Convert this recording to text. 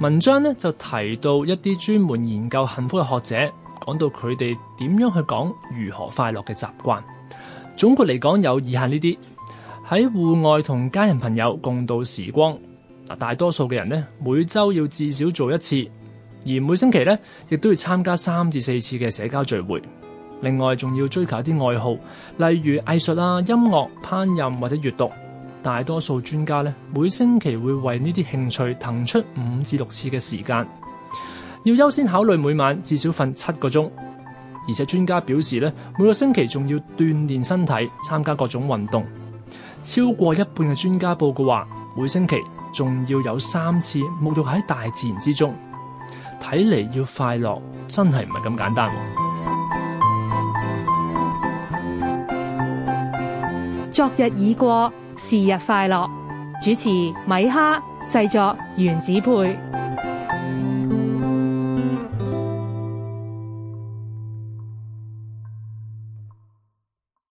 文章咧就提到一啲專門研究幸福嘅學者，講到佢哋點樣去講如何快樂嘅習慣。總括嚟講，有以下呢啲：喺戶外同家人朋友共度時光，嗱，大多數嘅人呢，每周要至少做一次，而每星期呢亦都要參加三至四次嘅社交聚會。另外仲要追求一啲愛好，例如藝術啊、音樂、烹飪或者閱讀。大多數專家咧，每星期會為呢啲興趣騰出五至六次嘅時間，要優先考慮每晚至少瞓七個鐘。而且專家表示咧，每個星期仲要鍛煉身體，參加各種運動。超過一半嘅專家報告話，每星期仲要有三次沐浴喺大自然之中。睇嚟，要快樂，真係唔係咁簡單。昨日已過。是日快樂，主持米哈，製作原子配。